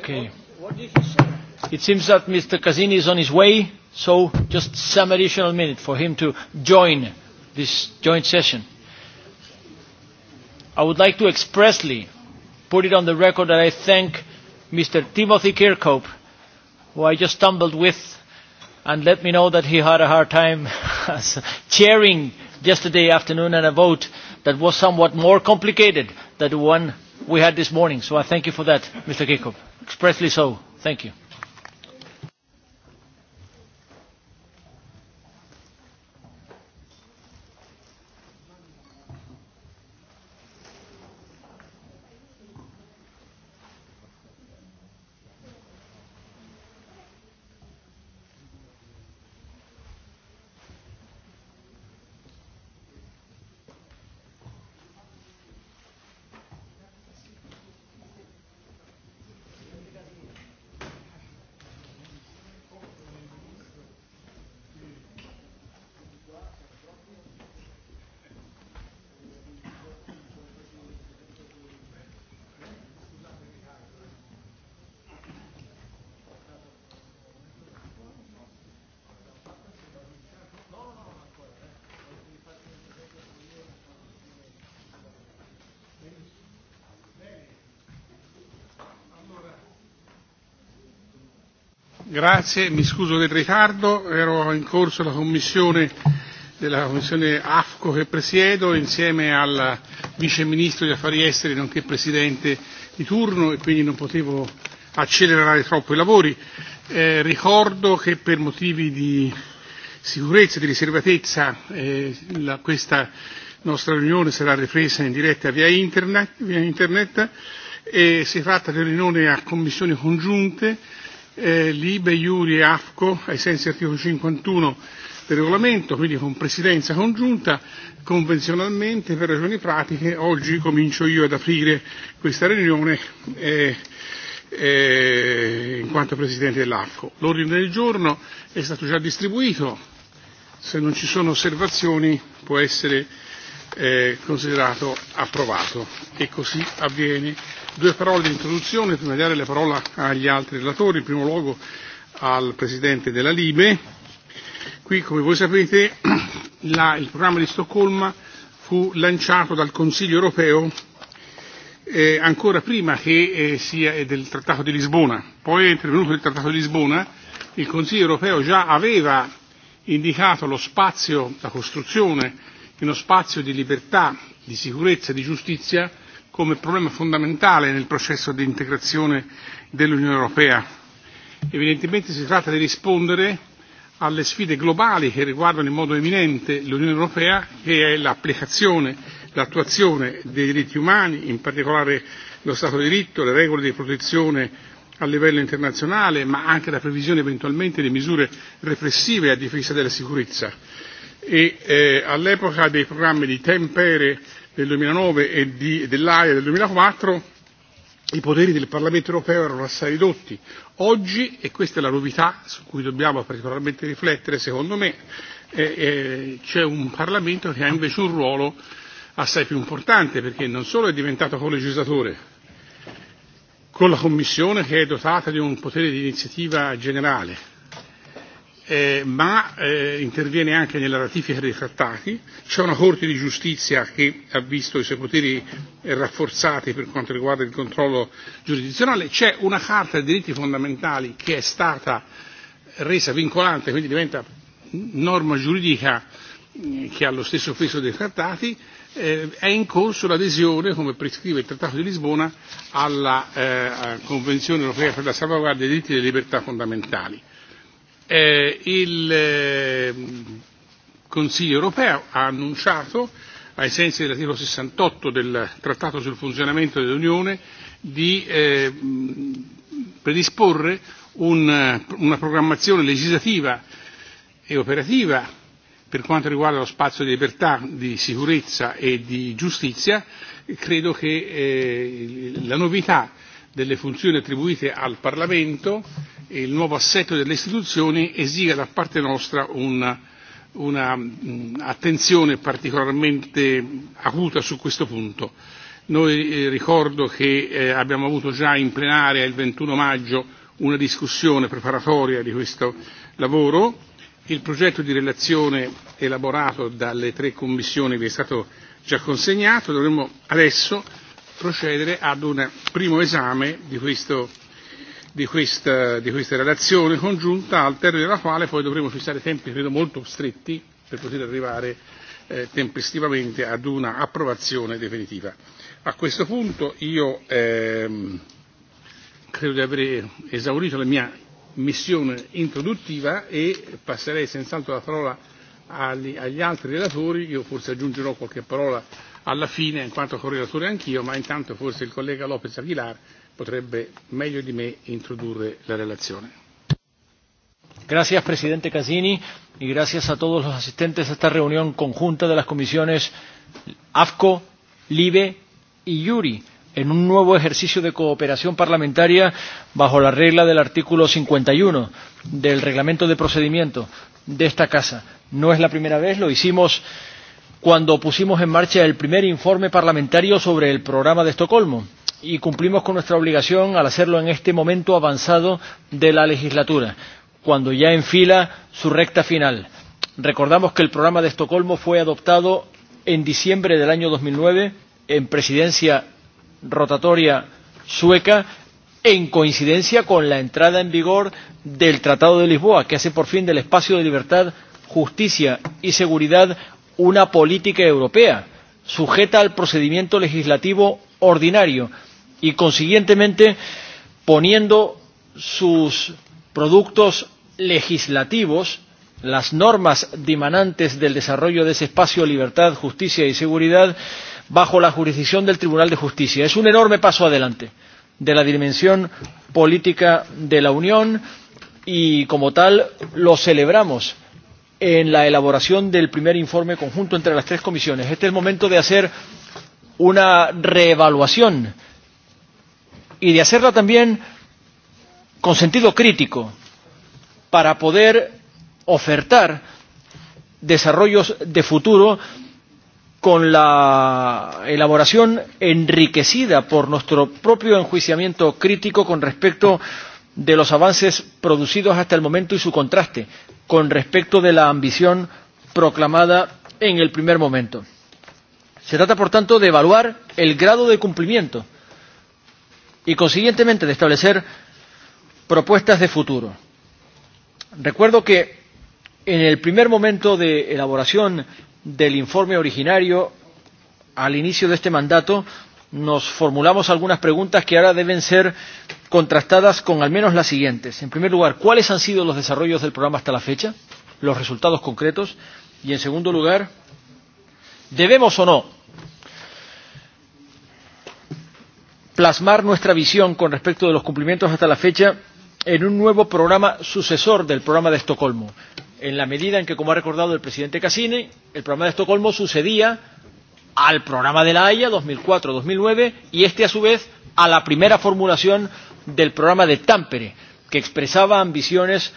Okay. It seems that Mr. Casini is on his way, so just some additional minute for him to join this joint session. I would like to expressly put it on the record that I thank Mr. Timothy Kirkhope, who I just stumbled with, and let me know that he had a hard time chairing yesterday afternoon and a vote that was somewhat more complicated than the one we had this morning. So I thank you for that, Mr. Kirkhope. Expressly so. Thank you. Grazie, mi scuso del ritardo, ero in corso la commissione della commissione AFCO che presiedo insieme al vice ministro degli affari esteri nonché presidente di turno e quindi non potevo accelerare troppo i lavori. Eh, ricordo che per motivi di sicurezza e di riservatezza eh, la, questa nostra riunione sarà ripresa in diretta via internet, via internet e si tratta di riunione a commissioni congiunte eh, Libe, Iuri e Afco, ai sensi articolo 51 del regolamento, quindi con presidenza congiunta, convenzionalmente per ragioni pratiche oggi comincio io ad aprire questa riunione eh, eh, in quanto Presidente dell'AFCO. L'ordine del giorno è stato già distribuito, se non ci sono osservazioni può essere eh, considerato approvato. E così avviene. Due parole di introduzione, prima di dare la parola agli altri relatori, in primo luogo al Presidente della Libe. Qui, come voi sapete, la, il programma di Stoccolma fu lanciato dal Consiglio europeo eh, ancora prima che eh, sia eh, del Trattato di Lisbona. Poi è intervenuto il Trattato di Lisbona, il Consiglio europeo già aveva indicato lo spazio, la costruzione uno spazio di libertà, di sicurezza e di giustizia come problema fondamentale nel processo di integrazione dell'Unione Europea. Evidentemente si tratta di rispondere alle sfide globali che riguardano in modo eminente l'Unione Europea, che è l'applicazione, l'attuazione dei diritti umani, in particolare lo Stato di diritto, le regole di protezione a livello internazionale, ma anche la previsione eventualmente di misure repressive a difesa della sicurezza e eh, all'epoca dei programmi di Tempere del 2009 e dell'AIA del 2004 i poteri del Parlamento europeo erano assai ridotti. Oggi, e questa è la novità su cui dobbiamo particolarmente riflettere secondo me, eh, eh, c'è un Parlamento che ha invece un ruolo assai più importante perché non solo è diventato colegislatore, con la Commissione che è dotata di un potere di iniziativa generale, eh, ma eh, interviene anche nella ratifica dei trattati, c'è una Corte di giustizia che ha visto i suoi poteri eh, rafforzati per quanto riguarda il controllo giurisdizionale, c'è una Carta dei diritti fondamentali che è stata eh, resa vincolante, quindi diventa norma giuridica mm, che ha lo stesso peso dei trattati, eh, è in corso l'adesione, come prescrive il Trattato di Lisbona, alla eh, Convenzione europea per la salvaguardia dei diritti e delle libertà fondamentali Eh, il ehm, Consiglio europeo ha annunciato, ai sensi dell'articolo 68 del Trattato sul funzionamento dell'Unione, di eh, predisporre un, una programmazione legislativa e operativa per quanto riguarda lo spazio di libertà, di sicurezza e di giustizia, credo che eh, la novità delle funzioni attribuite al Parlamento e il nuovo assetto delle istituzioni esiga da parte nostra un'attenzione una mm, particolarmente acuta su questo punto. Noi eh, ricordo che eh, abbiamo avuto già in plenaria il 21 maggio una discussione preparatoria di questo lavoro. Il progetto di relazione elaborato dalle tre commissioni vi è stato già consegnato. Dovremmo adesso procedere ad un primo esame di, questo, di, questa, di questa relazione congiunta, al termine della quale poi dovremo fissare tempi credo molto stretti per poter arrivare eh, tempestivamente ad una approvazione definitiva. A questo punto io ehm, credo di aver esaurito la mia missione introduttiva e passerei senz'altro la parola agli, agli altri relatori, io forse aggiungerò qualche parola alla fine, in quanto correlatore anch'io, ma intanto forse il collega Lopez Aguilar potrebbe meglio di me introdurre la relazione. Gracias, presidente Casini, y gracias a todos los asistentes a esta reunión conjunta de las comisiones AFCO, LIBE y IURI, en un nuevo ejercicio de cooperación parlamentaria bajo la regla del artículo 51 del reglamento de procedimiento de esta casa. No es la primera vez, lo hicimos cuando pusimos en marcha el primer informe parlamentario sobre el programa de Estocolmo y cumplimos con nuestra obligación al hacerlo en este momento avanzado de la legislatura, cuando ya enfila su recta final. Recordamos que el programa de Estocolmo fue adoptado en diciembre del año 2009 en presidencia rotatoria sueca en coincidencia con la entrada en vigor del Tratado de Lisboa, que hace por fin del espacio de libertad, justicia y seguridad una política europea sujeta al procedimiento legislativo ordinario y, consiguientemente, poniendo sus productos legislativos, las normas dimanantes del desarrollo de ese espacio de libertad, justicia y seguridad, bajo la jurisdicción del Tribunal de Justicia. Es un enorme paso adelante de la dimensión política de la Unión y, como tal, lo celebramos en la elaboración del primer informe conjunto entre las tres comisiones. Este es el momento de hacer una reevaluación y de hacerla también con sentido crítico para poder ofertar desarrollos de futuro con la elaboración enriquecida por nuestro propio enjuiciamiento crítico con respecto de los avances producidos hasta el momento y su contraste con respecto de la ambición proclamada en el primer momento. Se trata, por tanto, de evaluar el grado de cumplimiento y, consiguientemente, de establecer propuestas de futuro. Recuerdo que en el primer momento de elaboración del informe originario, al inicio de este mandato, nos formulamos algunas preguntas que ahora deben ser contrastadas con al menos las siguientes. En primer lugar, ¿cuáles han sido los desarrollos del programa hasta la fecha? Los resultados concretos. Y en segundo lugar, ¿debemos o no plasmar nuestra visión con respecto de los cumplimientos hasta la fecha en un nuevo programa sucesor del programa de Estocolmo? En la medida en que, como ha recordado el presidente Cassini, el programa de Estocolmo sucedía al programa de la Haya 2004-2009 y este a su vez a la primera formulación del programa de Tampere, que expresaba ambiciones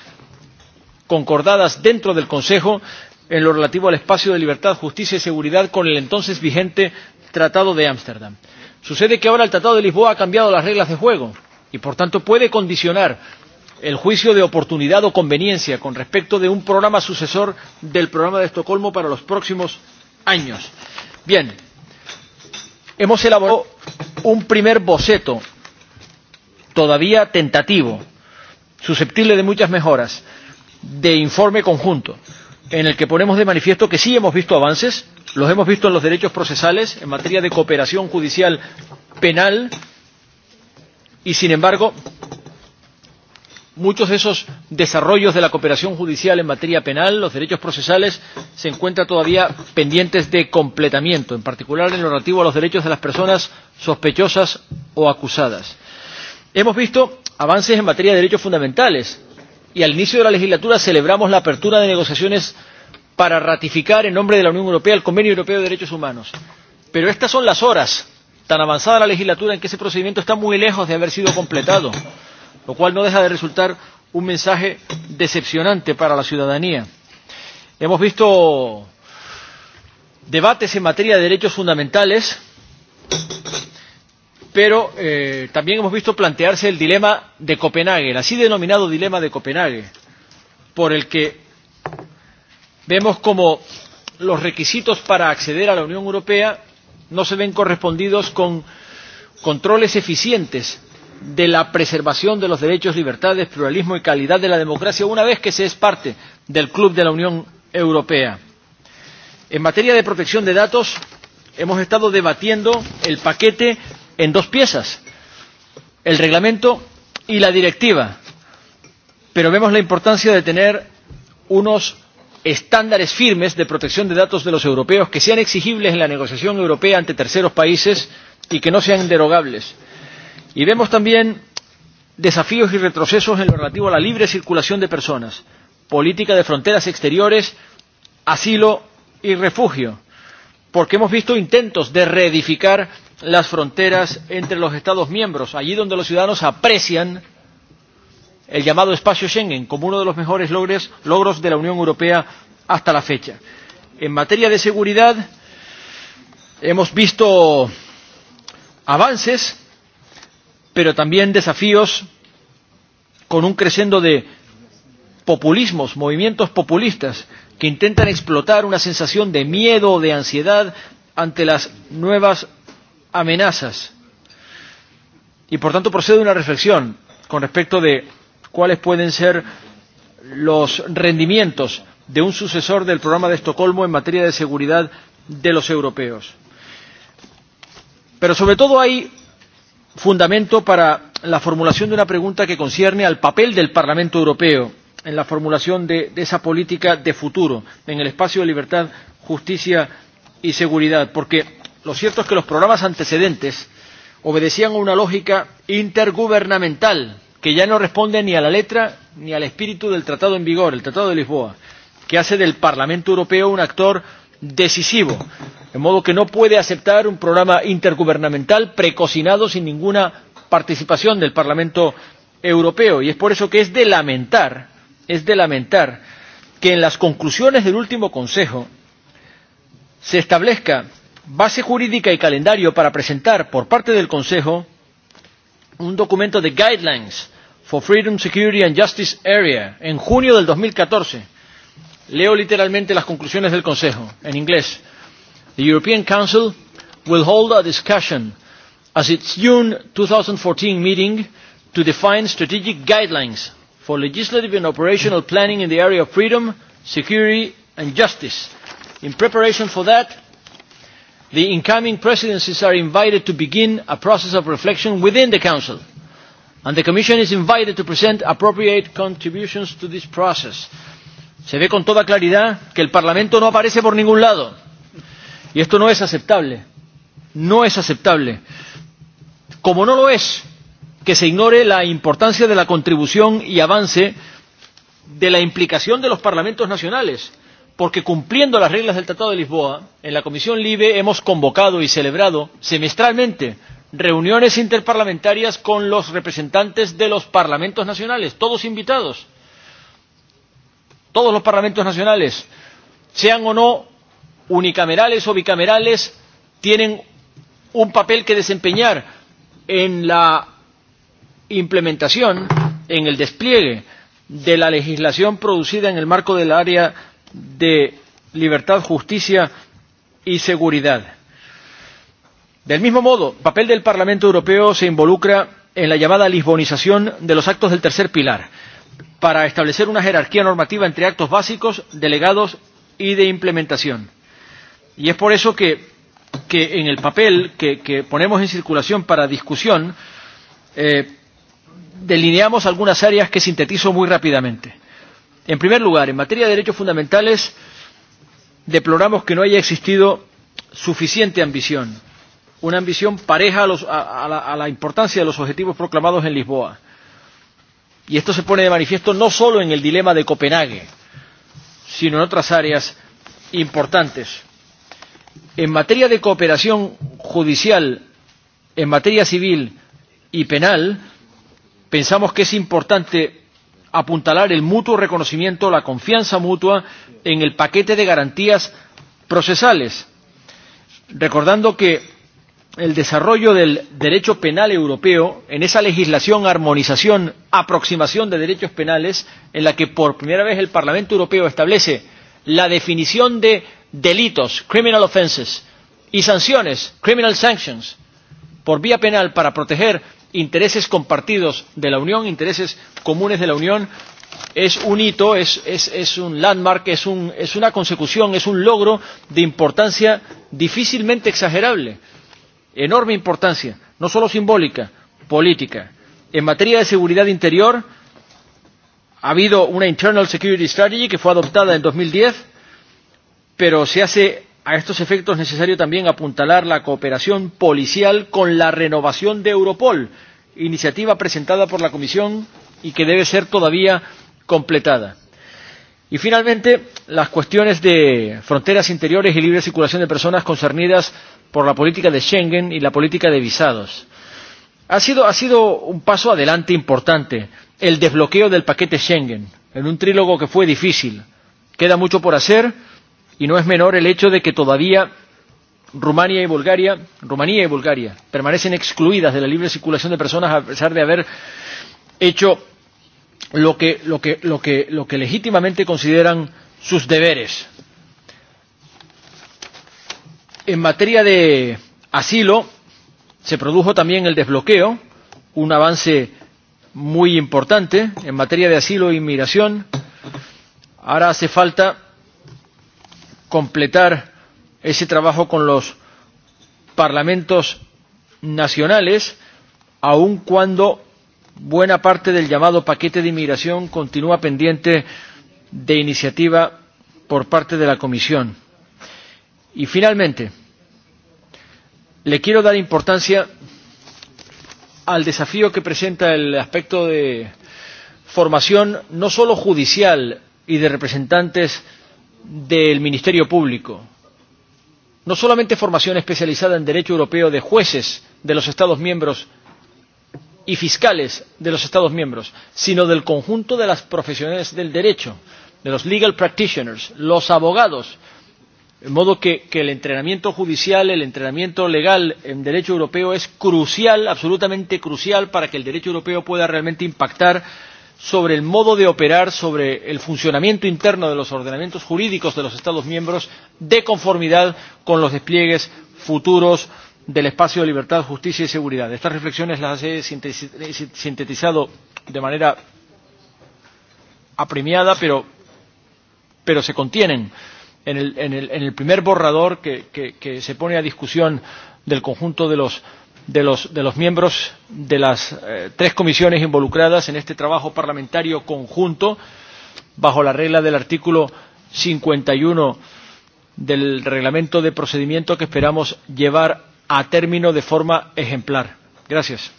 concordadas dentro del Consejo en lo relativo al espacio de libertad, justicia y seguridad con el entonces vigente Tratado de Ámsterdam. Sucede que ahora el Tratado de Lisboa ha cambiado las reglas de juego y, por tanto, puede condicionar el juicio de oportunidad o conveniencia con respecto de un programa sucesor del programa de Estocolmo para los próximos años. Bien, hemos elaborado un primer boceto, todavía tentativo, susceptible de muchas mejoras, de informe conjunto, en el que ponemos de manifiesto que sí hemos visto avances, los hemos visto en los derechos procesales, en materia de cooperación judicial penal, y sin embargo muchos de esos desarrollos de la cooperación judicial en materia penal, los derechos procesales, se encuentran todavía pendientes de completamiento, en particular en lo relativo a los derechos de las personas sospechosas o acusadas. Hemos visto avances en materia de derechos fundamentales y al inicio de la legislatura celebramos la apertura de negociaciones para ratificar en nombre de la Unión Europea el Convenio Europeo de Derechos Humanos. Pero estas son las horas tan avanzada la legislatura en que ese procedimiento está muy lejos de haber sido completado lo cual no deja de resultar un mensaje decepcionante para la ciudadanía. Hemos visto debates en materia de derechos fundamentales, pero eh, también hemos visto plantearse el dilema de Copenhague, el así denominado dilema de Copenhague, por el que vemos como los requisitos para acceder a la Unión Europea no se ven correspondidos con controles eficientes de la preservación de los derechos, libertades, pluralismo y calidad de la democracia una vez que se es parte del Club de la Unión Europea. En materia de protección de datos, hemos estado debatiendo el paquete en dos piezas, el reglamento y la directiva, pero vemos la importancia de tener unos estándares firmes de protección de datos de los europeos que sean exigibles en la negociación europea ante terceros países y que no sean derogables Y vemos también desafíos y retrocesos en lo relativo a la libre circulación de personas, política de fronteras exteriores, asilo y refugio, porque hemos visto intentos de reedificar las fronteras entre los Estados miembros, allí donde los ciudadanos aprecian el llamado espacio Schengen como uno de los mejores logres, logros de la Unión Europea hasta la fecha. En materia de seguridad, hemos visto avances pero también desafíos con un crescendo de populismos, movimientos populistas que intentan explotar una sensación de miedo de ansiedad ante las nuevas amenazas. Y por tanto procede una reflexión con respecto de cuáles pueden ser los rendimientos de un sucesor del programa de Estocolmo en materia de seguridad de los europeos. Pero sobre todo hay fundamento para la formulación de una pregunta que concierne al papel del Parlamento Europeo en la formulación de, de esa política de futuro en el espacio de libertad, justicia y seguridad. Porque lo cierto es que los programas antecedentes obedecían a una lógica intergubernamental que ya no responde ni a la letra ni al espíritu del tratado en vigor, el Tratado de Lisboa, que hace del Parlamento Europeo un actor decisivo. De modo que no puede aceptar un programa intergubernamental precocinado sin ninguna participación del Parlamento Europeo. Y es por eso que es de lamentar, es de lamentar que en las conclusiones del último Consejo se establezca base jurídica y calendario para presentar por parte del Consejo un documento de guidelines for freedom, security and justice area en junio del dos mil catorce Leo literalmente las conclusiones del Consejo, en inglés. The European Council will hold a discussion as its June 2014 meeting to define strategic guidelines for legislative and operational planning in the area of freedom, security and justice. In preparation for that, the incoming presidencies are invited to begin a process of reflection within the Council, and the Commission is invited to present appropriate contributions to this process se ve con toda claridad que el Parlamento no aparece por ningún lado. Y esto no es aceptable. No es aceptable. Como no lo es que se ignore la importancia de la contribución y avance de la implicación de los parlamentos nacionales, porque cumpliendo las reglas del Tratado de Lisboa, en la Comisión Libe hemos convocado y celebrado semestralmente reuniones interparlamentarias con los representantes de los parlamentos nacionales, todos invitados todos los parlamentos nacionales, sean o no unicamerales o bicamerales, tienen un papel que desempeñar en la implementación, en el despliegue de la legislación producida en el marco del área de libertad, justicia y seguridad. Del mismo modo, el papel del Parlamento Europeo se involucra en la llamada lisbonización de los actos del tercer pilar para establecer una jerarquía normativa entre actos básicos, delegados y de implementación. Y es por eso que, que en el papel que, que ponemos en circulación para discusión, eh, delineamos algunas áreas que sintetizo muy rápidamente. En primer lugar, en materia de derechos fundamentales, deploramos que no haya existido suficiente ambición, una ambición pareja a, los, a, a, la, a la importancia de los objetivos proclamados en Lisboa Y esto se pone de manifiesto no solo en el dilema de Copenhague, sino en otras áreas importantes. En materia de cooperación judicial, en materia civil y penal, pensamos que es importante apuntalar el mutuo reconocimiento, la confianza mutua en el paquete de garantías procesales, recordando que el desarrollo del derecho penal europeo en esa legislación, armonización, aproximación de derechos penales en la que por primera vez el Parlamento Europeo establece la definición de delitos, criminal offenses, y sanciones, criminal sanctions, por vía penal para proteger intereses compartidos de la Unión, intereses comunes de la Unión, es un hito, es, es, es un landmark, es, un, es una consecución, es un logro de importancia difícilmente exagerable enorme importancia, no solo simbólica, política. En materia de seguridad interior, ha habido una Internal Security Strategy que fue adoptada en 2010, pero se hace a estos efectos necesario también apuntalar la cooperación policial con la renovación de Europol, iniciativa presentada por la Comisión y que debe ser todavía completada. Y finalmente, las cuestiones de fronteras interiores y libre circulación de personas concernidas por la política de Schengen y la política de visados. Ha sido, ha sido un paso adelante importante el desbloqueo del paquete Schengen en un trílogo que fue difícil. Queda mucho por hacer y no es menor el hecho de que todavía Rumania y Bulgaria, Rumanía y Bulgaria permanecen excluidas de la libre circulación de personas a pesar de haber hecho lo que, lo que, lo que, lo que legítimamente consideran sus deberes En materia de asilo, se produjo también el desbloqueo, un avance muy importante en materia de asilo e inmigración. Ahora hace falta completar ese trabajo con los parlamentos nacionales, aun cuando buena parte del llamado paquete de inmigración continúa pendiente de iniciativa por parte de la Comisión. Y finalmente, le quiero dar importancia al desafío que presenta el aspecto de formación no solo judicial y de representantes del Ministerio Público, no solamente formación especializada en derecho europeo de jueces de los Estados miembros y fiscales de los Estados miembros, sino del conjunto de las profesiones del derecho, de los legal practitioners, los abogados, De modo que, que el entrenamiento judicial, el entrenamiento legal en derecho europeo es crucial, absolutamente crucial, para que el derecho europeo pueda realmente impactar sobre el modo de operar, sobre el funcionamiento interno de los ordenamientos jurídicos de los Estados miembros, de conformidad con los despliegues futuros del espacio de libertad, justicia y seguridad. Estas reflexiones las he sintetizado de manera apremiada, pero, pero se contienen en el, en el, en el primer borrador que, que, que se pone a discusión del conjunto de los, de los, de los miembros de las eh, tres comisiones involucradas en este trabajo parlamentario conjunto, bajo la regla del artículo 51 del reglamento de procedimiento que esperamos llevar a término de forma ejemplar. Gracias.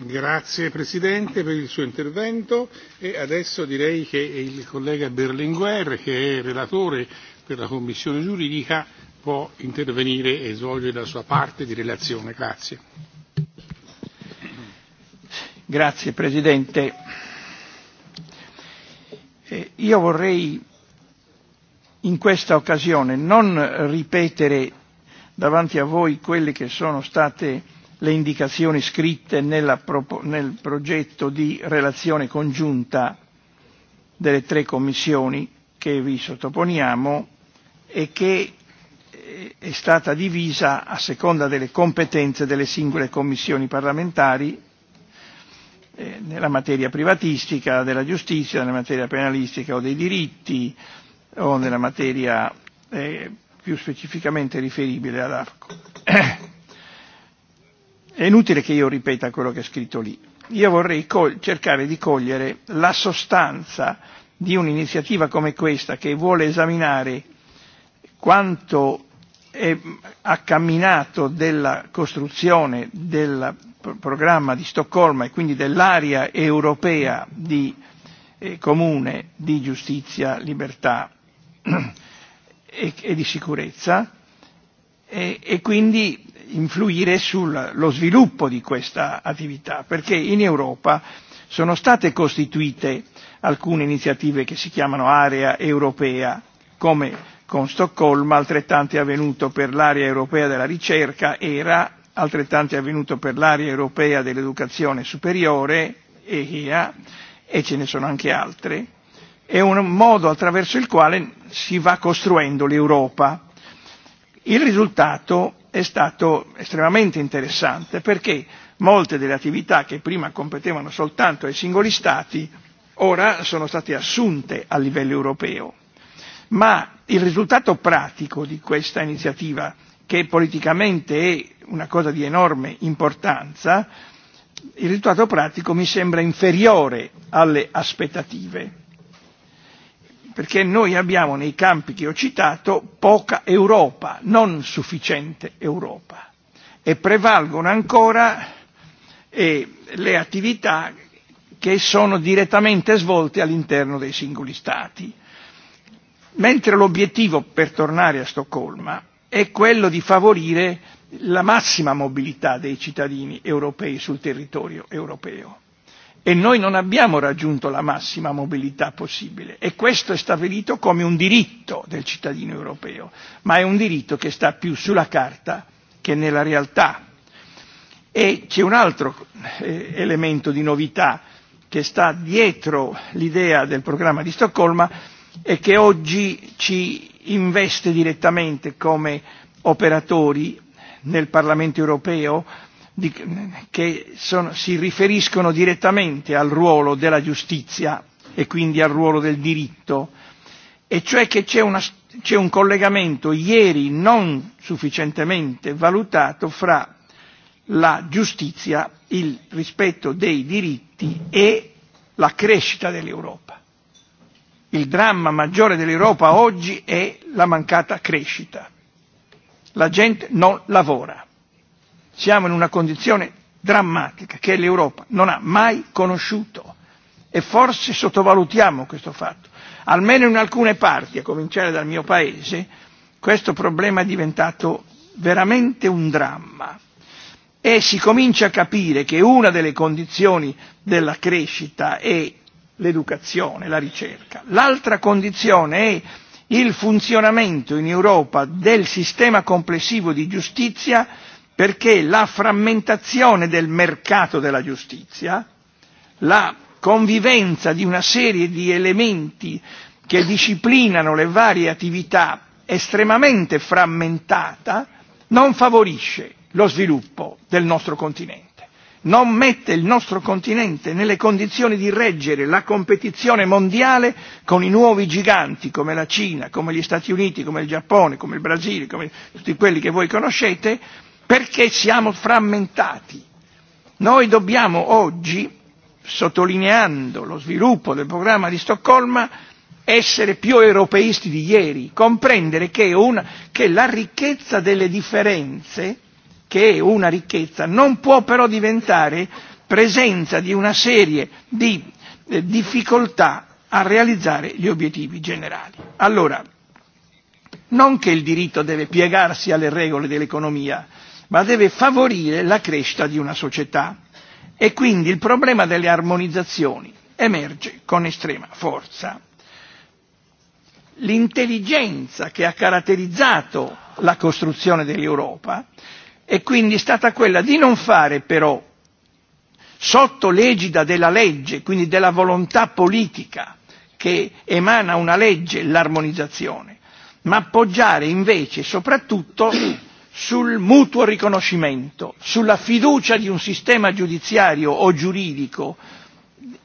Grazie Presidente per il suo intervento e adesso direi che il collega Berlinguer, che è relatore per la Commissione giuridica, può intervenire e svolgere la sua parte di relazione. Grazie. Grazie Presidente. Eh, io vorrei in questa occasione non ripetere davanti a voi quelle che sono state le indicazioni scritte nella, nel progetto di relazione congiunta delle tre commissioni che vi sottoponiamo e che eh, è stata divisa a seconda delle competenze delle singole commissioni parlamentari eh, nella materia privatistica, della giustizia, nella materia penalistica o dei diritti o nella materia eh, più specificamente riferibile all'ARCO. È inutile che io ripeta quello che è scritto lì. Io vorrei cercare di cogliere la sostanza di un'iniziativa come questa che vuole esaminare quanto è accamminato della costruzione del programma di Stoccolma e quindi dell'area europea di eh, comune di giustizia, libertà e, e di sicurezza e, e quindi influire sullo sviluppo di questa attività, perché in Europa sono state costituite alcune iniziative che si chiamano area europea, come con Stoccolma, altrettanto è avvenuto per l'area europea della ricerca, ERA, altrettanto è avvenuto per l'area europea dell'educazione superiore, EHEA, e ce ne sono anche altre, è un modo attraverso il quale si va costruendo l'Europa Il risultato è stato estremamente interessante perché molte delle attività che prima competevano soltanto ai singoli Stati ora sono state assunte a livello europeo. Ma il risultato pratico di questa iniziativa, che politicamente è una cosa di enorme importanza, il risultato pratico mi sembra inferiore alle aspettative perché noi abbiamo nei campi che ho citato poca Europa, non sufficiente Europa e prevalgono ancora eh, le attività che sono direttamente svolte all'interno dei singoli Stati. Mentre l'obiettivo, per tornare a Stoccolma, è quello di favorire la massima mobilità dei cittadini europei sul territorio europeo e noi non abbiamo raggiunto la massima mobilità possibile e questo è stabilito come un diritto del cittadino europeo, ma è un diritto che sta più sulla carta che nella realtà. E c'è un altro eh, elemento di novità che sta dietro l'idea del programma di Stoccolma e che oggi ci investe direttamente come operatori nel Parlamento europeo di, che sono, si riferiscono direttamente al ruolo della giustizia e quindi al ruolo del diritto, e cioè che c'è, una, c'è un collegamento ieri non sufficientemente valutato fra la giustizia, il rispetto dei diritti e la crescita dell'Europa. Il dramma maggiore dell'Europa oggi è la mancata crescita. La gente non lavora Siamo in una condizione drammatica che l'Europa non ha mai conosciuto e forse sottovalutiamo questo fatto. Almeno in alcune parti, a cominciare dal mio paese, questo problema è diventato veramente un dramma e si comincia a capire che una delle condizioni della crescita è l'educazione, la ricerca. L'altra condizione è il funzionamento in Europa del sistema complessivo di giustizia perché la frammentazione del mercato della giustizia, la convivenza di una serie di elementi che disciplinano le varie attività estremamente frammentata, non favorisce lo sviluppo del nostro continente, non mette il nostro continente nelle condizioni di reggere la competizione mondiale con i nuovi giganti come la Cina, come gli Stati Uniti, come il Giappone, come il Brasile, come tutti quelli che voi conoscete, perché siamo frammentati. Noi dobbiamo oggi, sottolineando lo sviluppo del programma di Stoccolma, essere più europeisti di ieri, comprendere che, una, che la ricchezza delle differenze, che è una ricchezza, non può però diventare presenza di una serie di eh, difficoltà a realizzare gli obiettivi generali. Allora, non che il diritto deve piegarsi alle regole dell'economia, ma deve favorire la crescita di una società e quindi il problema delle armonizzazioni emerge con estrema forza. L'intelligenza che ha caratterizzato la costruzione dell'Europa è quindi stata quella di non fare però sotto l'egida della legge, quindi della volontà politica che emana una legge, l'armonizzazione, ma appoggiare invece soprattutto sul mutuo riconoscimento, sulla fiducia di un sistema giudiziario o giuridico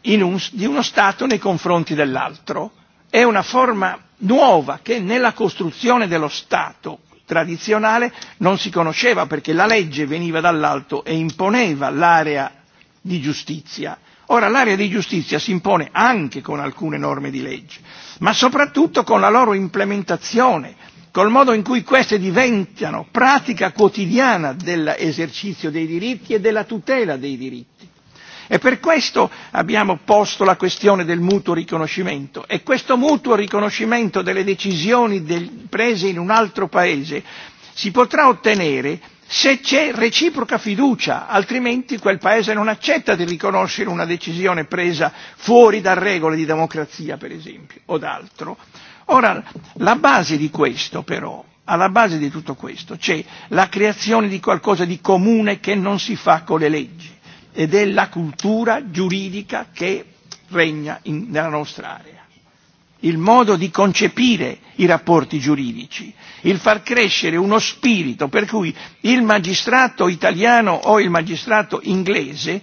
in un, di uno Stato nei confronti dell'altro. È una forma nuova che nella costruzione dello Stato tradizionale non si conosceva perché la legge veniva dall'alto e imponeva l'area di giustizia. Ora l'area di giustizia si impone anche con alcune norme di legge, ma soprattutto con la loro implementazione, col modo in cui queste diventano pratica quotidiana dell'esercizio dei diritti e della tutela dei diritti. E per questo abbiamo posto la questione del mutuo riconoscimento e questo mutuo riconoscimento delle decisioni del, prese in un altro paese si potrà ottenere se c'è reciproca fiducia, altrimenti quel paese non accetta di riconoscere una decisione presa fuori da regole di democrazia, per esempio, o d'altro, Ora, la base di questo però, alla base di tutto questo c'è la creazione di qualcosa di comune che non si fa con le leggi ed è la cultura giuridica che regna in, nella nostra area. Il modo di concepire i rapporti giuridici, il far crescere uno spirito per cui il magistrato italiano o il magistrato inglese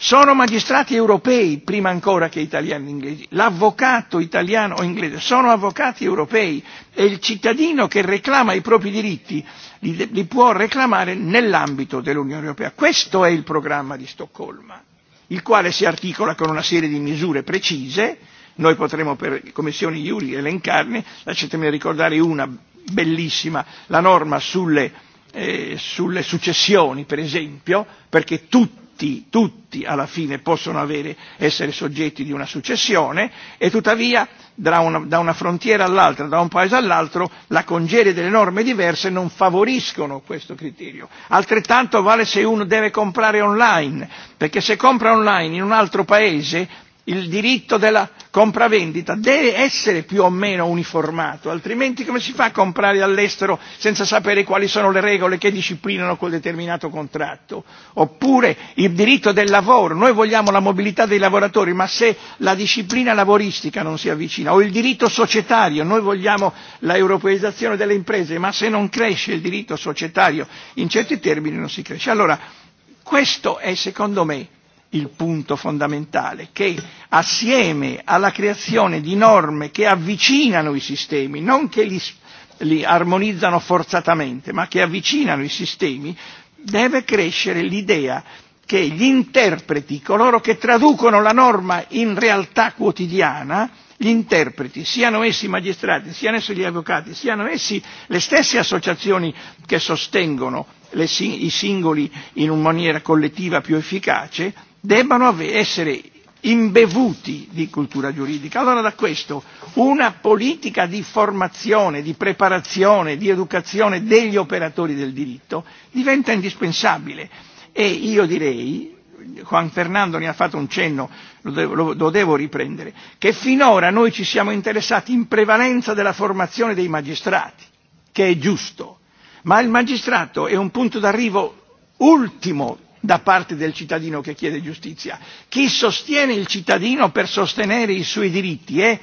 Sono magistrati europei, prima ancora che italiani e inglesi, l'avvocato italiano o inglese, sono avvocati europei e il cittadino che reclama i propri diritti li, li può reclamare nell'ambito dell'Unione Europea. Questo è il programma di Stoccolma, il quale si articola con una serie di misure precise, noi potremo per Commissione Iuri elencarne, lasciatemi ricordare una bellissima, la norma sulle, eh, sulle successioni per esempio, perché tutti tutti, tutti alla fine possono avere, essere soggetti di una successione e tuttavia da una, da una frontiera all'altra, da un paese all'altro, la congerie delle norme diverse non favoriscono questo criterio. Altrettanto vale se uno deve comprare online, perché se compra online in un altro paese il diritto della compravendita deve essere più o meno uniformato, altrimenti come si fa a comprare all'estero senza sapere quali sono le regole che disciplinano quel determinato contratto? Oppure il diritto del lavoro, noi vogliamo la mobilità dei lavoratori, ma se la disciplina lavoristica non si avvicina, o il diritto societario, noi vogliamo la europeizzazione delle imprese, ma se non cresce il diritto societario in certi termini non si cresce. Allora, questo è secondo me il punto fondamentale, che assieme alla creazione di norme che avvicinano i sistemi, non che li, li armonizzano forzatamente, ma che avvicinano i sistemi, deve crescere l'idea che gli interpreti, coloro che traducono la norma in realtà quotidiana, gli interpreti, siano essi i magistrati, siano essi gli avvocati, siano essi le stesse associazioni che sostengono le, i singoli in una maniera collettiva più efficace, debbano essere imbevuti di cultura giuridica. Allora da questo una politica di formazione, di preparazione, di educazione degli operatori del diritto diventa indispensabile e io direi Juan Fernando ne ha fatto un cenno, lo devo, lo lo devo riprendere, che finora noi ci siamo interessati in prevalenza della formazione dei magistrati, che è giusto, ma il magistrato è un punto d'arrivo ultimo da parte del cittadino che chiede giustizia. Chi sostiene il cittadino per sostenere i suoi diritti è,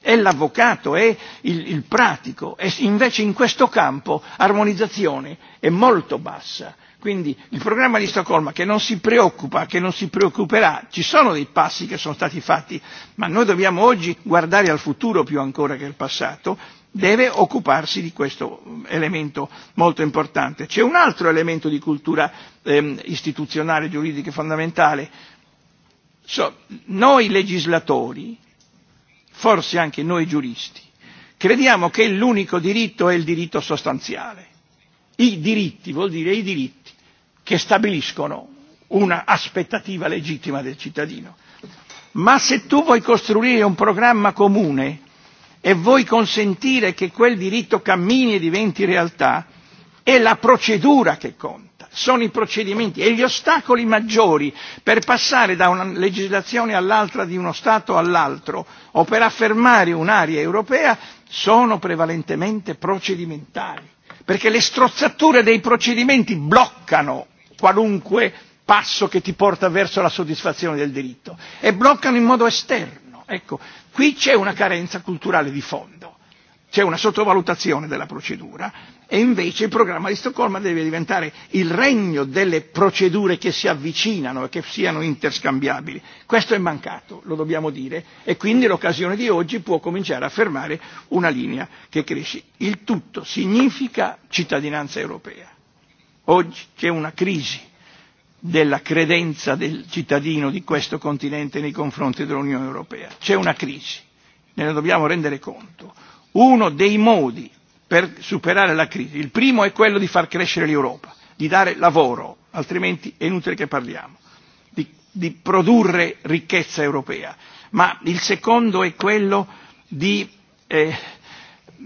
è l'avvocato, è il, il pratico e invece in questo campo armonizzazione è molto bassa. Quindi il programma di Stoccolma che non si preoccupa, che non si preoccuperà, ci sono dei passi che sono stati fatti, ma noi dobbiamo oggi guardare al futuro più ancora che al passato deve occuparsi di questo elemento molto importante. C'è un altro elemento di cultura ehm, istituzionale, giuridica e fondamentale. So, noi legislatori, forse anche noi giuristi, crediamo che l'unico diritto è il diritto sostanziale. I diritti vuol dire i diritti che stabiliscono una aspettativa legittima del cittadino. Ma se tu vuoi costruire un programma comune e vuoi consentire che quel diritto cammini e diventi realtà, è la procedura che conta, sono i procedimenti e gli ostacoli maggiori per passare da una legislazione all'altra, di uno Stato all'altro o per affermare un'area europea sono prevalentemente procedimentali, perché le strozzature dei procedimenti bloccano qualunque passo che ti porta verso la soddisfazione del diritto e bloccano in modo esterno Ecco, qui c'è una carenza culturale di fondo, c'è una sottovalutazione della procedura e invece il programma di Stoccolma deve diventare il regno delle procedure che si avvicinano e che siano interscambiabili. Questo è mancato, lo dobbiamo dire, e quindi l'occasione di oggi può cominciare a fermare una linea che cresce. Il tutto significa cittadinanza europea. Oggi c'è una crisi della credenza del cittadino di questo continente nei confronti dell'Unione Europea. C'è una crisi, ne, dobbiamo rendere conto. Uno dei modi per superare la crisi, il primo è quello di far crescere l'Europa, di dare lavoro, altrimenti è inutile che parliamo, di, di produrre ricchezza europea, ma il secondo è quello di eh,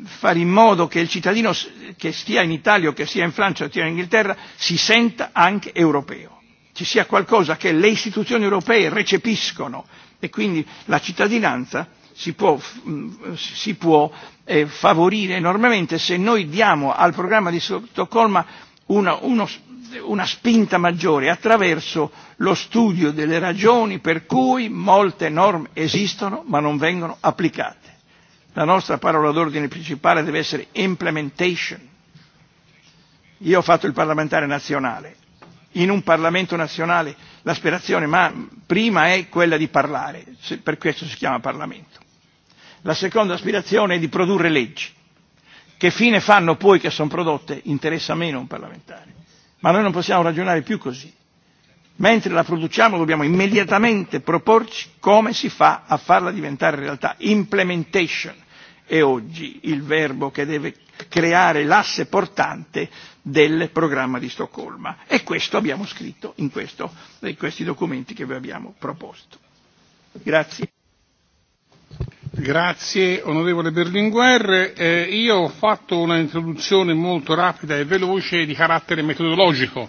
fare in modo che il cittadino che stia in Italia o che sia in Francia o che sia in Inghilterra si senta anche europeo ci sia qualcosa che le istituzioni europee recepiscono e quindi la cittadinanza si può, mm, si può eh, favorire enormemente se noi diamo al programma di Stoccolma una, uno, una spinta maggiore attraverso lo studio delle ragioni per cui molte norme esistono ma non vengono applicate. La nostra parola d'ordine principale deve essere implementation. Io ho fatto il parlamentare nazionale in un Parlamento nazionale l'aspirazione, ma prima è quella di parlare, per questo si chiama Parlamento. La seconda aspirazione è di produrre leggi. Che fine fanno poi che sono prodotte interessa meno un parlamentare. Ma noi non possiamo ragionare più così. Mentre la produciamo dobbiamo immediatamente proporci come si fa a farla diventare realtà. Implementation è e oggi il verbo che deve creare l'asse portante del programma di Stoccolma e questo abbiamo scritto in, questo, in questi documenti che vi abbiamo proposto. Grazie. Grazie onorevole Berlinguer. Eh, io ho fatto una introduzione molto rapida e veloce di carattere metodologico,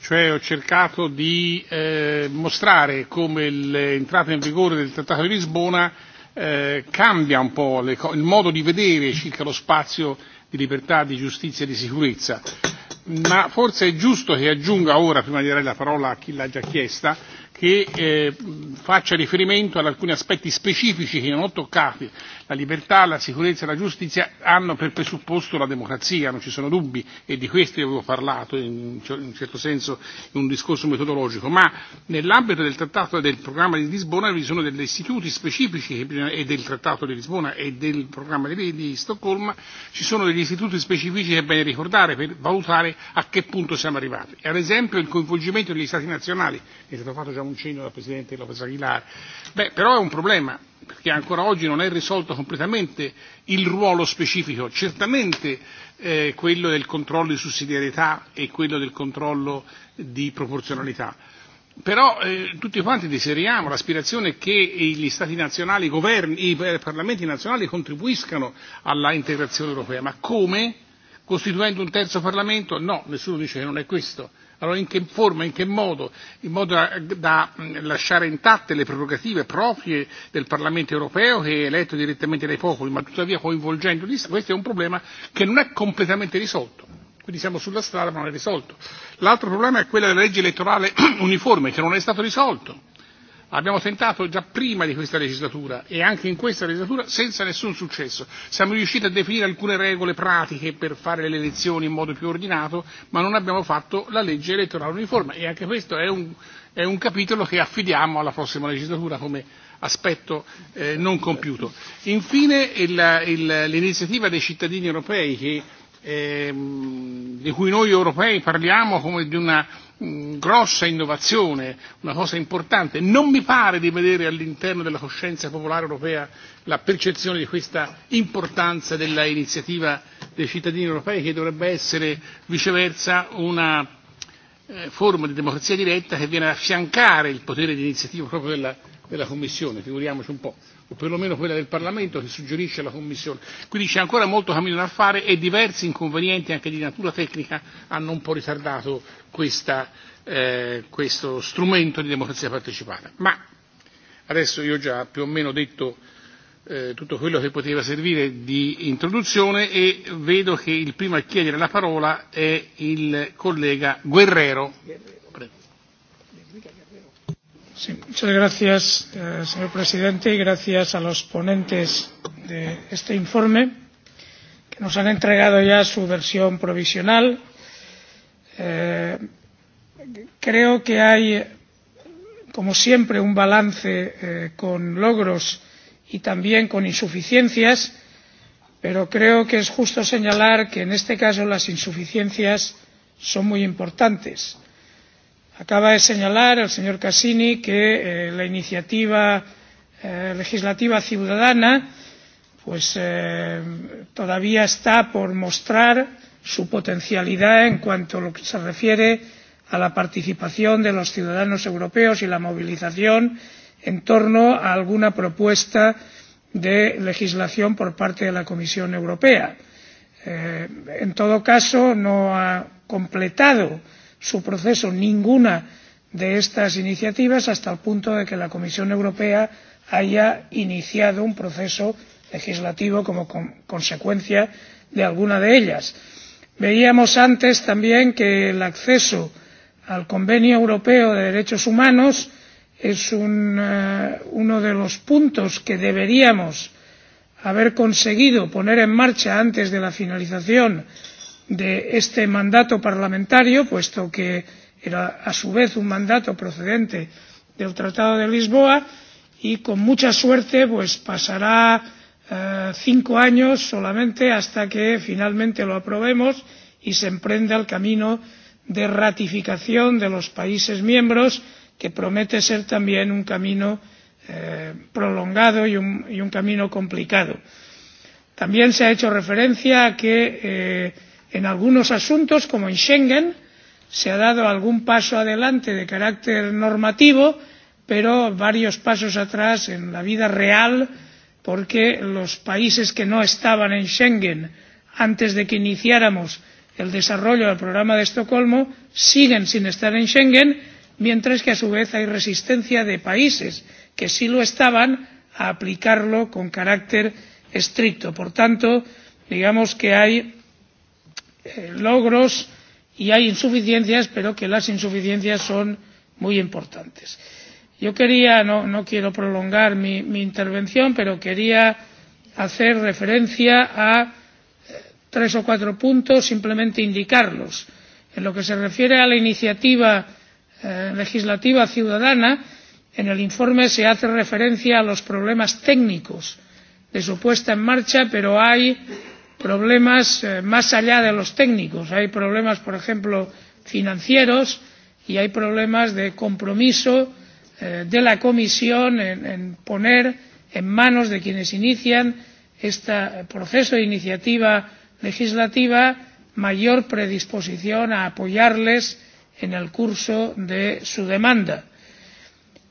cioè ho cercato di eh, mostrare come l'entrata in vigore del Trattato di Lisbona Eh, cambia un po' le, il modo di vedere circa lo spazio di libertà, di giustizia e di sicurezza. Ma forse è giusto che aggiunga ora, prima di dare la parola a chi l'ha già chiesta, che eh, faccia riferimento ad alcuni aspetti specifici che non ho toccati La libertà, la sicurezza e la giustizia hanno per presupposto la democrazia, non ci sono dubbi e di questo io avevo parlato in un certo senso in un discorso metodologico, ma nell'ambito del trattato e del programma di Lisbona vi sono degli istituti specifici e del trattato di Lisbona e del programma di, di Stoccolma ci sono degli istituti specifici che è bene ricordare per valutare a che punto siamo arrivati. Ad esempio il coinvolgimento degli Stati nazionali, è stato fatto già un cenno dal Presidente Lopez Aguilar, Beh, però è un problema perché ancora oggi non è risolto completamente il ruolo specifico, certamente eh, quello del controllo di sussidiarietà e quello del controllo di proporzionalità. Però eh, tutti quanti desideriamo l'aspirazione che gli Stati nazionali, i, governi, i Parlamenti nazionali contribuiscano alla integrazione europea, ma come costituendo un terzo Parlamento? No, nessuno dice che non è questo. Allora in che forma, in che modo? In modo da, da mm, lasciare intatte le prerogative proprie del Parlamento europeo che è eletto direttamente dai popoli, ma tuttavia coinvolgendo lì, questo è un problema che non è completamente risolto. Quindi siamo sulla strada ma non è risolto. L'altro problema è quello della legge elettorale uniforme che non è stato risolto Abbiamo tentato già prima di questa legislatura e anche in questa legislatura senza nessun successo. Siamo riusciti a definire alcune regole pratiche per fare le elezioni in modo più ordinato, ma non abbiamo fatto la legge elettorale uniforme e anche questo è un, è un capitolo che affidiamo alla prossima legislatura come aspetto eh, non compiuto. Infine il, il, l'iniziativa dei cittadini europei che, eh, di cui noi europei parliamo come di una grossa innovazione, una cosa importante. Non mi pare di vedere all'interno della coscienza popolare europea la percezione di questa importanza dell'iniziativa dei cittadini europei che dovrebbe essere viceversa una eh, forma di democrazia diretta che viene ad affiancare il potere di iniziativa proprio della, della Commissione, figuriamoci un po' o perlomeno quella del Parlamento che suggerisce la Commissione. Quindi c'è ancora molto cammino da fare e diversi inconvenienti anche di natura tecnica hanno un po' ritardato questa, eh, questo strumento di democrazia partecipata. Ma adesso io ho già più o meno detto eh, tutto quello che poteva servire di introduzione e vedo che il primo a chiedere la parola è il collega Guerrero. Guerrero. Eh, señor presidente, gracias a los ponentes de este informe, que nos han entregado ya su versión provisional. Eh, creo que hay, como siempre, un balance eh, con logros y también con insuficiencias, pero creo que es justo señalar que en este caso las insuficiencias son muy importantes Acaba de señalar el señor Cassini que eh, la iniciativa eh, legislativa ciudadana pues eh, todavía está por mostrar su potencialidad en cuanto a lo que se refiere a la participación de los ciudadanos europeos y la movilización en torno a alguna propuesta de legislación por parte de la Comisión Europea. Eh, en todo caso, no ha completado eh, su proceso ninguna de estas iniciativas hasta el punto de que la comisión europea haya iniciado un proceso legislativo como con consecuencia de alguna de ellas. veíamos antes también que el acceso al convenio europeo de derechos humanos es un, uh, uno de los puntos que deberíamos haber conseguido poner en marcha antes de la finalización de de este mandato parlamentario puesto que era a su vez un mandato procedente del tratado de lisboa y con mucha suerte pues pasará eh, cinco años solamente hasta que finalmente lo aprobemos y se emprenda el camino de ratificación de los países miembros que promete ser también un camino eh, prolongado y un, y un también se ha hecho referencia a que eh, en algunos asuntos como en schengen se ha dado algún paso adelante de carácter normativo pero varios pasos atrás en la vida real porque los países que no estaban en schengen antes de que iniciáramos el desarrollo del programa de estocolmo siguen sin estar en schengen mientras que a su vez hay resistencia de países que sí lo estaban a aplicarlo con carácter estricto. por tanto digamos que hay Eh, logros y hay insuficiencias pero que las insuficiencias son muy importantes. Yo quería, no, no quiero prolongar mi, mi intervención, pero quería hacer referencia a eh, tres o cuatro puntos, simplemente indicarlos. En lo que se refiere a la iniciativa eh, legislativa ciudadana, en el informe se hace referencia a los problemas técnicos de su puesta en marcha, pero hay problemas eh, más allá de los técnicos. Hay problemas, por ejemplo, financieros y hay problemas de compromiso eh, de la Comisión en, en poner en manos de quienes inician este proceso de iniciativa legislativa mayor predisposición a apoyarles en el curso de su demanda.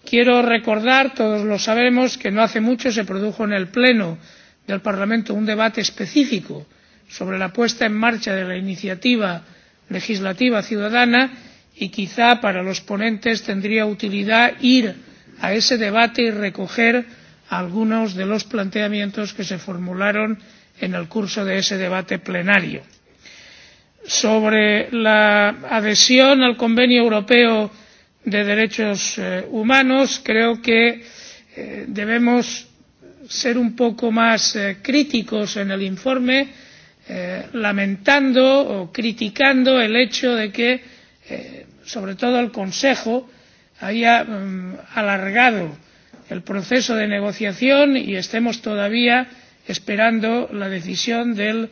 Quiero recordar, todos lo sabemos, que no hace mucho se produjo en el Pleno del parlamento un debate específico sobre la puesta en marcha de la iniciativa legislativa ciudadana y quizá para los ponentes tendría utilidad ir a ese debate y recoger algunos de los planteamientos que se formularon en el curso de ese debate plenario. Sobre la adhesión al Convenio Europeo de Derechos eh, Humanos, creo que eh, debemos ser un poco más eh, críticos en el informe, eh, lamentando o criticando el hecho de que, eh, sobre todo, el Consejo haya mm, alargado el proceso de negociación y estemos todavía esperando la decisión de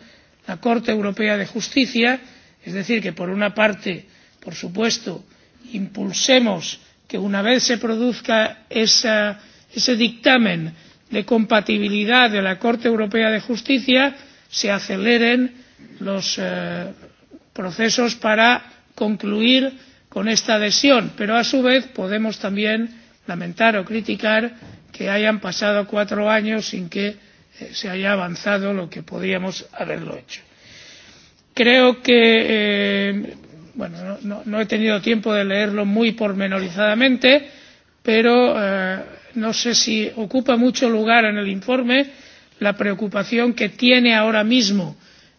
la Corte Europea de Justicia. Es decir, que por una parte, por supuesto, impulsemos que una vez se produzca esa, ese dictamen de compatibilidad de la Corte Europea de Justicia se aceleren los eh, procesos para concluir con esta adhesión. Pero, a su vez, podemos también lamentar o criticar que hayan pasado cuatro años sin que eh, se haya avanzado lo que podíamos haberlo hecho. Creo que eh, bueno, no, no, no he tenido tiempo de leerlo muy pormenorizadamente, pero eh, no sé si ocupa mucho lugar en el informe la preocupación que tiene ahora mismo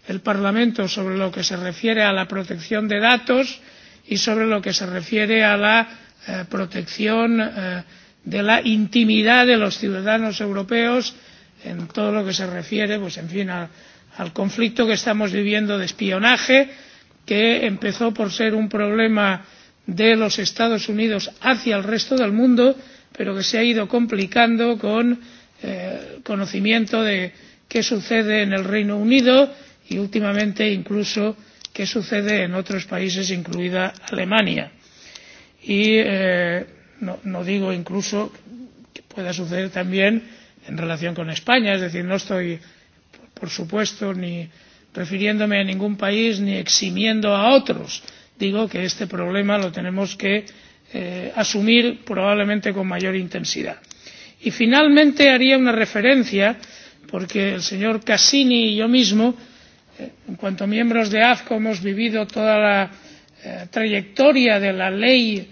el Parlamento sobre lo que se refiere a la protección de datos y sobre lo que se refiere a la eh, protección eh, de la intimidad de los ciudadanos europeos en todo lo que se refiere, pues en fin, a, al conflicto que estamos viviendo de espionaje, que empezó por ser un problema de los Estados Unidos hacia el resto del mundo pero que se ha ido complicando con el eh, conocimiento de qué sucede en el Reino Unido y últimamente incluso qué sucede en otros países, incluida Alemania. Y eh, no, no digo incluso que pueda suceder también en relación con España, es decir, no estoy, por supuesto, ni refiriéndome a ningún país ni eximiendo a otros. Digo que este problema lo tenemos que eh, asumir probablemente con mayor intensidad. y finalmente haría una referencia porque el señor cassini y yo mismo eh, en cuanto miembros de afco hemos vivido toda la eh, trayectoria de la ley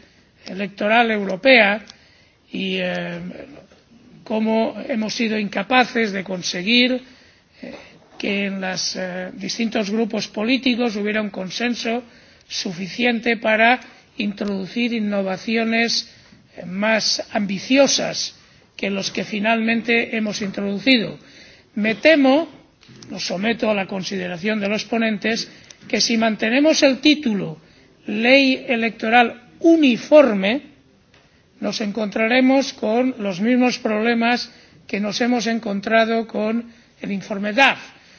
electoral europea y eh, cómo hemos sido incapaces de conseguir eh, que en los eh, distintos grupos políticos hubiera un consenso suficiente para eh, introducir innovaciones eh, más ambiciosas que las que finalmente hemos introducido. me temo lo someto a la consideración de los ponentes que si mantenemos el título ley electoral uniforme nos encontraremos con los mismos problemas que nos hemos encontrado con el informe duff.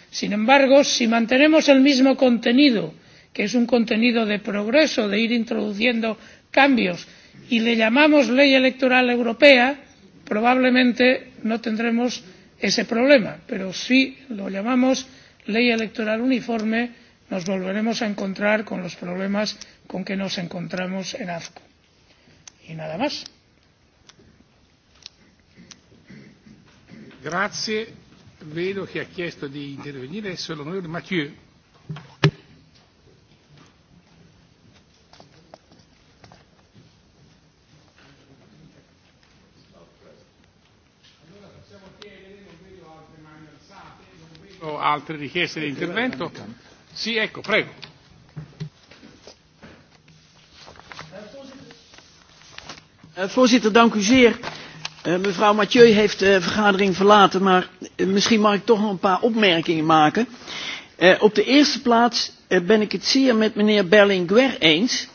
sin embargo si mantenemos el mismo contenido que es un contenido de progreso de ir introduciendo cambios y le llamamos ley electoral europea probablemente no tendremos ese problema pero si lo llamamos ley electoral uniforme nos volveremos a encontrar con los problemas con que nos encontramos en afco y nada más. Grazie. Vedo che ha chiesto di intervenire solo l'onorevole Mathieu. o altre richieste di intervento? Sì, ecco, prego. Eh, voorzitter, dank u zeer. Eh, mevrouw Mathieu heeft de vergadering verlaten, maar eh, misschien mag ik toch nog een paar opmerkingen maken. op de eerste plaats ben ik het zeer met meneer Berlinguer eens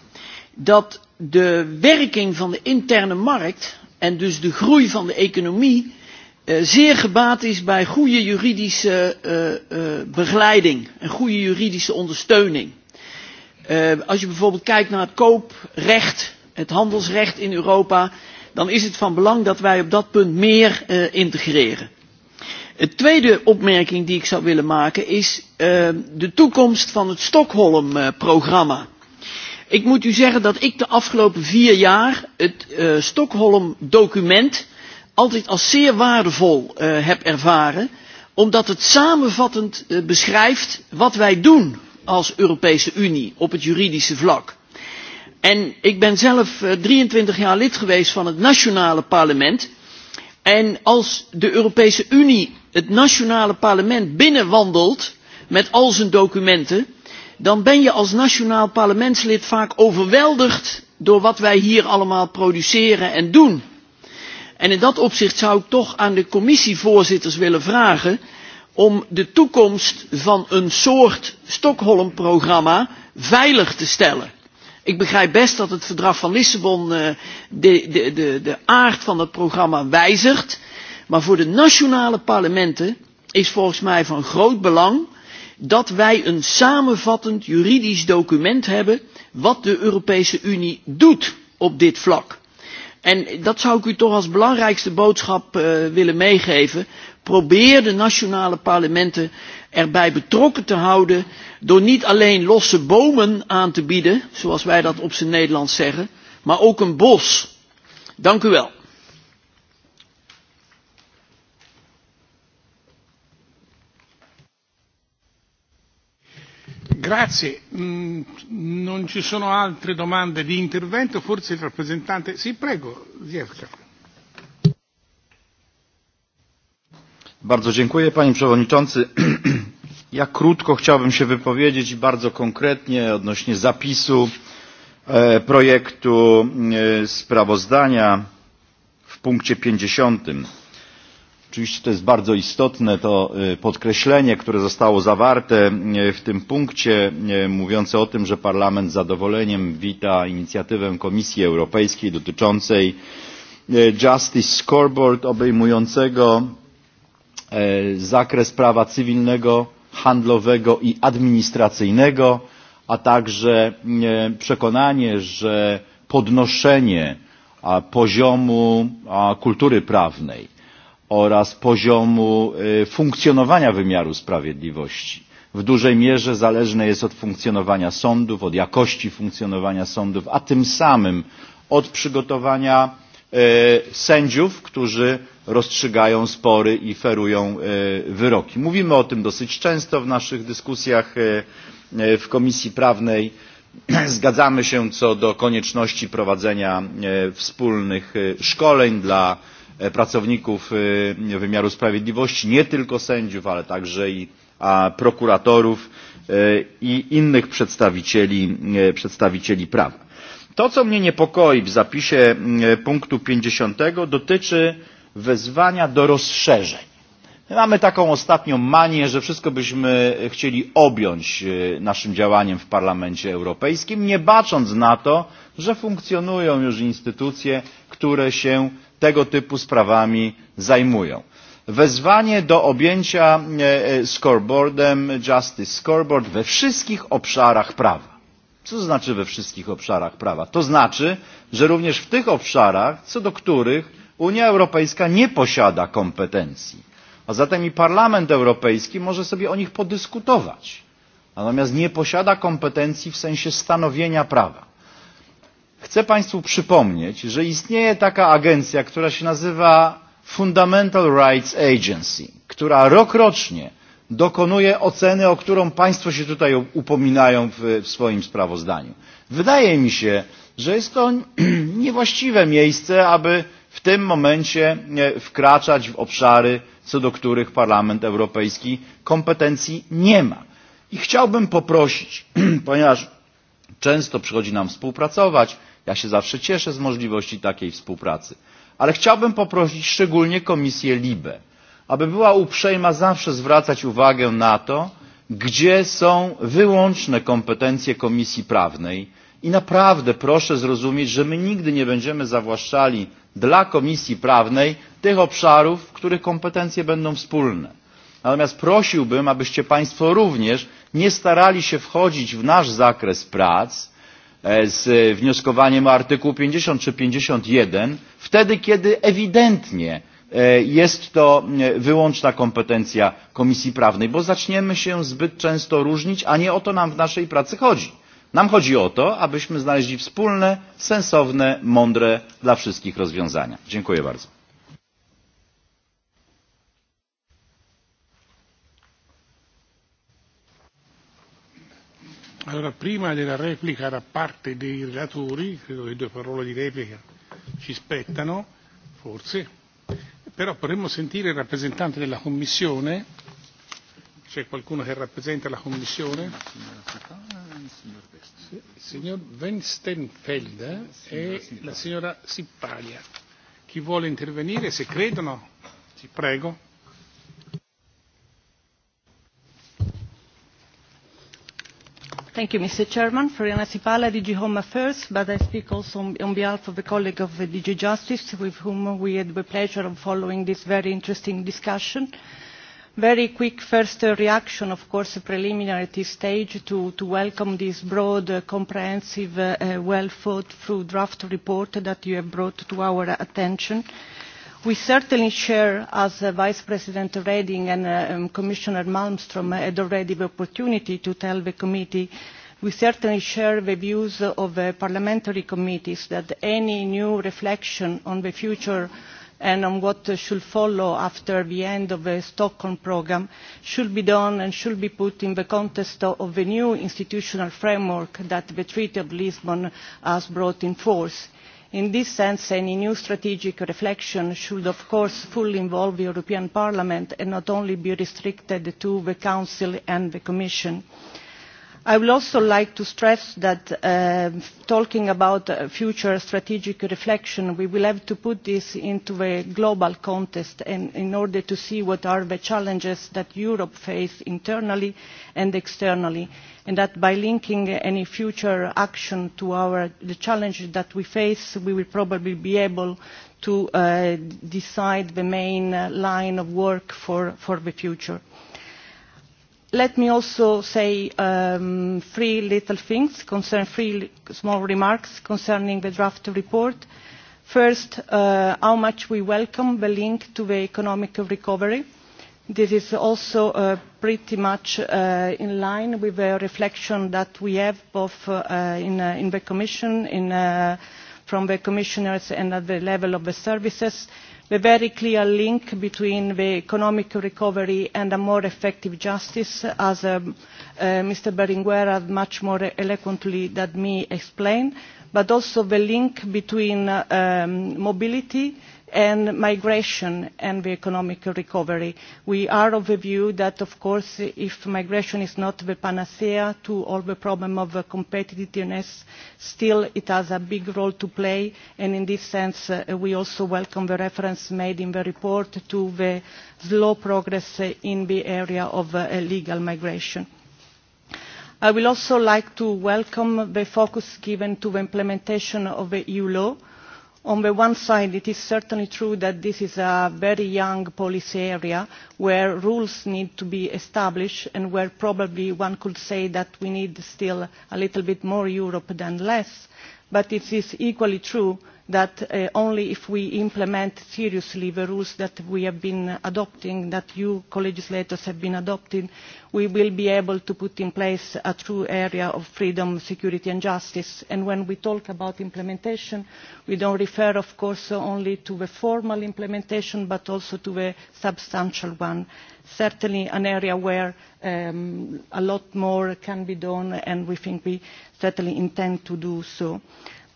dat de werking van de interne markt en dus de groei van de economie Eh, zeer gebaat is bij goede juridische uh, uh, begeleiding en goede juridische ondersteuning. Uh, als je bijvoorbeeld kijkt naar het kooprecht, het handelsrecht in Europa, dan is het van belang dat wij op dat punt meer uh, integreren. De tweede opmerking die ik zou willen maken is uh, de toekomst van het Stockholm-programma. Ik moet u zeggen dat ik de afgelopen vier jaar het uh, Stockholm-document altijd als zeer waardevol uh, heb ervaren, omdat het samenvattend uh, beschrijft wat wij doen als Europese Unie op het juridische vlak. En ik ben zelf uh, eh, 23 jaar lid geweest van het nationale parlement. En als de Europese Unie het nationale parlement binnenwandelt met al zijn documenten, dan ben je als nationaal parlementslid vaak overweldigd door wat wij hier allemaal produceren en doen En in dat opzicht zou ik toch aan de commissievoorzitters willen vragen om de toekomst van een soort Stockholm programma veilig te stellen. Ik begrijp best dat het verdrag van Lissabon eh, de, de, de, de aard van dat programma wijzigt. Maar voor de nationale parlementen is volgens mij van groot belang dat wij een samenvattend juridisch document hebben wat de Europese Unie doet op dit vlak en dat zou ik u toch als belangrijkste boodschap uh, willen meegeven probeer de nationale parlementen erbij betrokken te houden door niet alleen losse bomen aan te bieden zoals wij dat op zijn nederlands zeggen maar ook een bos. dank u wel. Grazie. Mm, non ci sono altre domande di intervento, forse il rappresentante. Sì, prego, Ziewka. Bardzo dziękuję panie przewodniczący. Ja krótko chciałbym się wypowiedzieć bardzo konkretnie odnośnie zapisu e, projektu e, sprawozdania w punkcie 50 Oczywiście to jest bardzo istotne to podkreślenie, które zostało zawarte w tym punkcie, mówiące o tym, że Parlament z zadowoleniem wita inicjatywę Komisji Europejskiej dotyczącej Justice Scoreboard obejmującego zakres prawa cywilnego, handlowego i administracyjnego, a także przekonanie, że podnoszenie poziomu kultury prawnej oraz poziomu funkcjonowania wymiaru sprawiedliwości w dużej mierze zależne jest od funkcjonowania sądów od jakości funkcjonowania sądów a tym samym od przygotowania sędziów którzy rozstrzygają spory i ferują wyroki. mówimy o tym dosyć często w naszych dyskusjach w komisji prawnej zgadzamy się co do konieczności prowadzenia wspólnych szkoleń dla E, pracowników e, wymiaru sprawiedliwości nie tylko sędziów ale także i prokuratorów e, i innych przedstawicieli, przedstawicieli prawa. To, co mnie niepokoi w zapisie punktu 50 dotyczy wezwania do rozszerzeń. My mamy taką ostatnią manię, że wszystko byśmy chcieli objąć naszym działaniem w Parlamencie Europejskim, nie bacząc na to, że funkcjonują już instytucje, które się tego typu sprawami zajmują. Wezwanie do objęcia e, e, scoreboardem Justice Scoreboard we wszystkich obszarach prawa. Co to znaczy we wszystkich obszarach prawa? To znaczy, że również w tych obszarach, co do których Unia Europejska nie posiada kompetencji. A zatem i Parlament Europejski może sobie o nich podyskutować. Natomiast nie posiada kompetencji w sensie stanowienia prawa. Chcę Państwu przypomnieć, że istnieje taka agencja, która się nazywa Fundamental Rights Agency, która rokrocznie dokonuje oceny, o którą Państwo się tutaj upominają w, w swoim sprawozdaniu. Wydaje mi się, że jest to niewłaściwe miejsce, aby w tym momencie e, wkraczać w obszary, co do których Parlament Europejski kompetencji nie ma. I chciałbym poprosić, ponieważ często przychodzi nam współpracować, Ja się zawsze cieszę z możliwości takiej współpracy. Ale chciałbym poprosić szczególnie Komisję LIBE, aby była uprzejma zawsze zwracać uwagę na to, gdzie są wyłączne kompetencje Komisji Prawnej i naprawdę proszę zrozumieć, że my nigdy nie będziemy zawłaszczali dla Komisji Prawnej tych obszarów, w których kompetencje będą wspólne. Natomiast prosiłbym, abyście Państwo również nie starali się wchodzić w nasz zakres prac, E, z wnioskowaniem o artykuł pięćdziesiąt czy pięćdziesiąt jeden wtedy kiedy ewidentnie e, jest to e, wyłączna kompetencja komisji prawnej bo zaczniemy się zbyt często różnić a nie o to nam w naszej pracy chodzi. nam chodzi o to abyśmy znaleźli wspólne sensowne mądre dla wszystkich rozwiązania. dziękuję bardzo. Allora, prima della replica da parte dei relatori, credo che due parole di replica ci spettano, forse, però vorremmo sentire il rappresentante della Commissione, c'è qualcuno che rappresenta la Commissione? Il signor Wenstenfeld e la signora Sippalia. Chi vuole intervenire, se credono, prego. Thank you, Mr. Chairman. Floriana Cipala, DG Home Affairs, but I speak also on, on behalf of a colleague of the DG Justice, with whom we had the pleasure of following this very interesting discussion. Very quick first reaction, of course, preliminary at this stage, to, to welcome this broad, uh, comprehensive, uh, uh, well thought through draft report that you have brought to our attention We certainly share, as uh, Vice President Reding and uh, um, Commissioner Malmström had already the opportunity to tell the committee, we certainly share the views of the parliamentary committees that any new reflection on the future and on what should follow after the end of the Stockholm programme should be done and should be put in the context of the new institutional framework that the Treaty of Lisbon has brought in force in this sense any new strategic reflection should of course fully involve the european parliament and not only be restricted to the council and the commission i would also like to stress that uh, talking about uh, future strategic reflection we will have to put this into a global context in, in order to see what are the challenges that europe faces internally and externally and that by linking any future action to our, the challenges that we face we will probably be able to uh, decide the main line of work for, for the future let me also say um, three little things, concern three small remarks concerning the draft report. First, uh, how much we welcome the link to the economic recovery. This is also uh, pretty much uh, in line with the reflection that we have both uh, in, uh, in the Commission, in, uh, from the Commissioners and at the level of the services the very clear link between the economic recovery and a more effective justice, as um, uh, Mr. Berlinguer much more eloquently than me explained, but also the link between uh, um, mobility and migration and the economic recovery. We are of the view that, of course, if migration is not the panacea to all the problems of competitiveness, still it has a big role to play, and in this sense, uh, we also welcome the reference made in the report to the slow progress in the area of uh, legal migration. I would also like to welcome the focus given to the implementation of EU e law, On the one side, it is certainly true that this is a very young policy area where rules need to be established and where probably one could say that we need still a little bit more Europe than less. But it is equally true that uh, only if we implement seriously the rules that we have been adopting, that you co-legislators have been adopting, we will be able to put in place a true area of freedom, security and justice. And when we talk about implementation, we don't refer, of course, only to the formal implementation, but also to the substantial one. Certainly an area where um, a lot more can be done, and we think we certainly intend to do so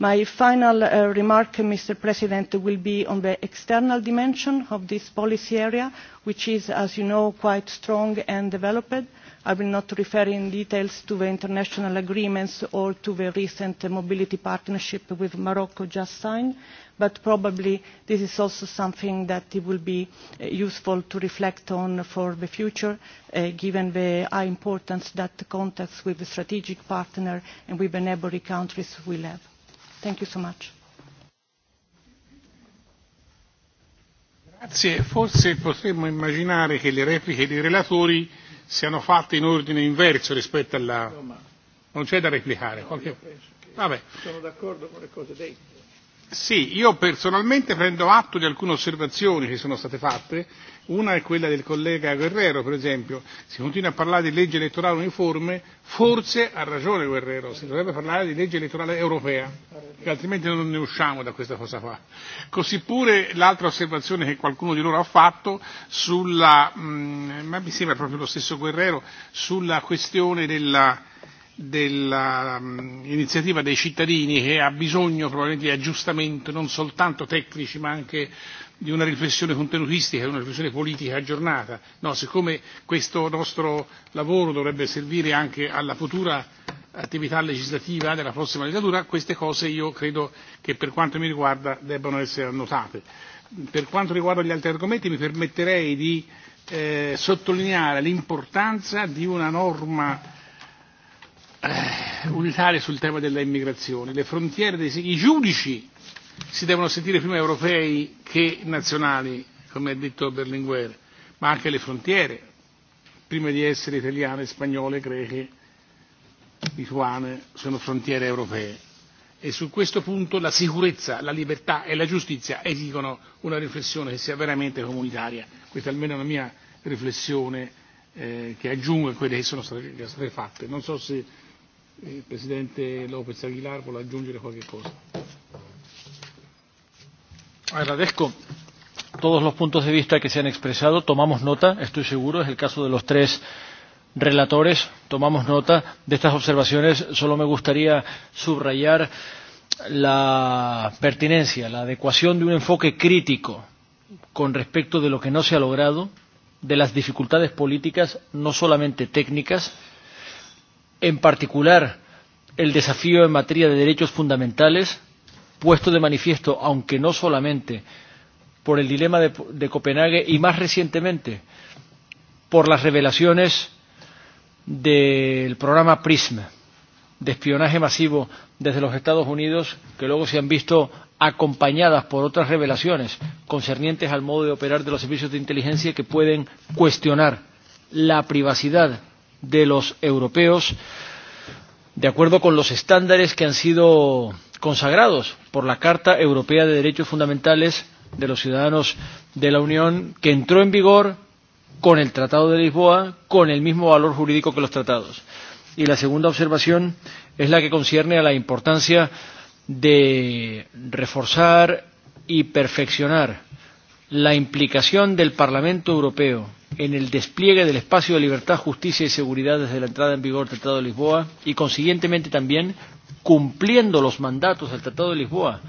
my final uh, remark uh, will be on the external dimension of this policy area which is as you know quite strong and developed. i will not refer in detail to the international agreements or to the recent uh, mobility partnership with morocco just signed but probably this is also something that it will be useful to reflect on for the future given the high importance that contacts with the strategic partner and with the neighbouring countries will have. Thank you so much. Grazie. Forse potremmo immaginare che le repliche dei relatori siano fatte in ordine inverso rispetto alla... Non c'è da replicare. No, Qualche... Vabbè. Sono d'accordo con le cose dette. Sì, io personalmente prendo atto di alcune osservazioni che sono state fatte Una è quella del collega Guerrero, per esempio. Si continua a parlare di legge elettorale uniforme, forse ha ragione Guerrero, si dovrebbe parlare di legge elettorale europea, altrimenti non ne usciamo da questa cosa qua. Così pure l'altra osservazione che qualcuno di loro ha fatto sulla, mh, mm, ma mi sembra proprio lo stesso Guerrero, sulla questione della dell'iniziativa mm, dei cittadini che ha bisogno probabilmente di aggiustamenti non soltanto tecnici ma anche di una riflessione contenutistica, di una riflessione politica aggiornata. No, siccome questo nostro lavoro dovrebbe servire anche alla futura attività legislativa della prossima legislatura, queste cose io credo che per quanto mi riguarda debbano essere annotate. Per quanto riguarda gli altri argomenti mi permetterei di eh, sottolineare l'importanza di una norma Eh, unitarie sul tema dell'immigrazione. Le frontiere dei, I giudici si devono sentire prima europei che nazionali, come ha detto Berlinguer, ma anche le frontiere, prima di essere italiane, spagnole, greche, lituane, sono frontiere europee. E su questo punto la sicurezza, la libertà e la giustizia esigono una riflessione che sia veramente comunitaria. Questa è almeno la mia riflessione eh, che aggiungo a quelle che sono state, state fatte. Non so se Il Presidente López Aguilar vuole aggiungere qualche cosa. Agradezco todos los puntos de vista que se han expresado. Tomamos nota, estoy seguro, es el caso de los tres relatores. Tomamos nota de estas observaciones. Solo me gustaría subrayar la pertinencia, la adecuación de un enfoque crítico con respecto de lo que no se ha logrado, de las dificultades políticas, no solamente técnicas, en particular el desafío en materia de derechos fundamentales, puesto de manifiesto, aunque no solamente, por el dilema de, de Copenhague y más recientemente por las revelaciones del programa PRISM de espionaje masivo desde los Estados Unidos, que luego se han visto acompañadas por otras revelaciones concernientes al modo de operar de los servicios de inteligencia que pueden cuestionar la privacidad de los europeos de acuerdo con los estándares que han sido consagrados por la Carta Europea de Derechos Fundamentales de los Ciudadanos de la Unión, que entró en vigor con el Tratado de Lisboa, con el mismo valor jurídico que los tratados. Y la segunda observación es la que concierne a la importancia de reforzar y perfeccionar la implicación del Parlamento Europeo en el despliegue del espacio de libertad, justicia y seguridad desde la entrada en vigor del Tratado de Lisboa y, consiguientemente, también cumpliendo los mandatos del Tratado de Lisboa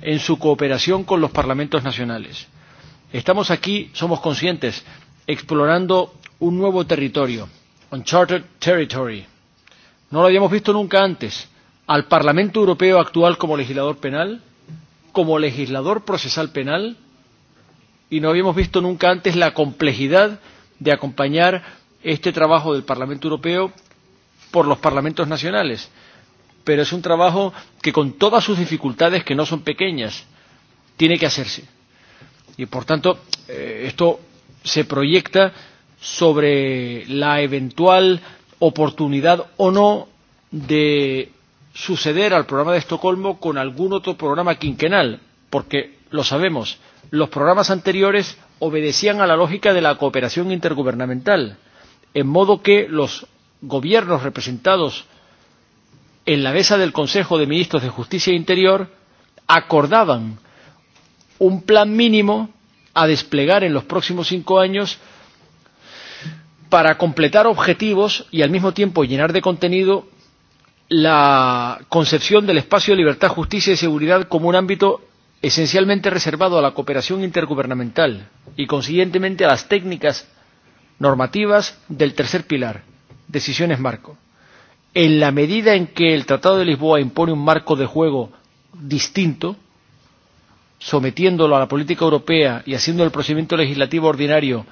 en su cooperación con los parlamentos nacionales. Estamos aquí, somos conscientes, explorando un nuevo territorio, uncharted territory. No lo habíamos visto nunca antes. Al Parlamento Europeo actual como legislador penal, como legislador procesal penal y no habíamos visto nunca antes la complejidad de acompañar este trabajo del Parlamento Europeo por los parlamentos nacionales. Pero es un trabajo que con todas sus dificultades, que no son pequeñas, tiene que hacerse. Y por tanto, eh, esto se proyecta sobre la eventual oportunidad o no de suceder al programa de Estocolmo con algún otro programa quinquenal, porque lo sabemos, los programas anteriores obedecían a la lógica de la cooperación intergubernamental, en modo que los gobiernos representados en la mesa del Consejo de Ministros de Justicia e Interior acordaban un plan mínimo a desplegar en los próximos cinco años para completar objetivos y al mismo tiempo llenar de contenido la concepción del espacio de libertad, justicia y seguridad como un ámbito esencialmente reservado a la cooperación intergubernamental y, consiguientemente, a las técnicas normativas del tercer pilar, decisiones marco. En la medida en que el Tratado de Lisboa impone un marco de juego distinto, sometiéndolo a la política europea y haciendo el procedimiento legislativo ordinario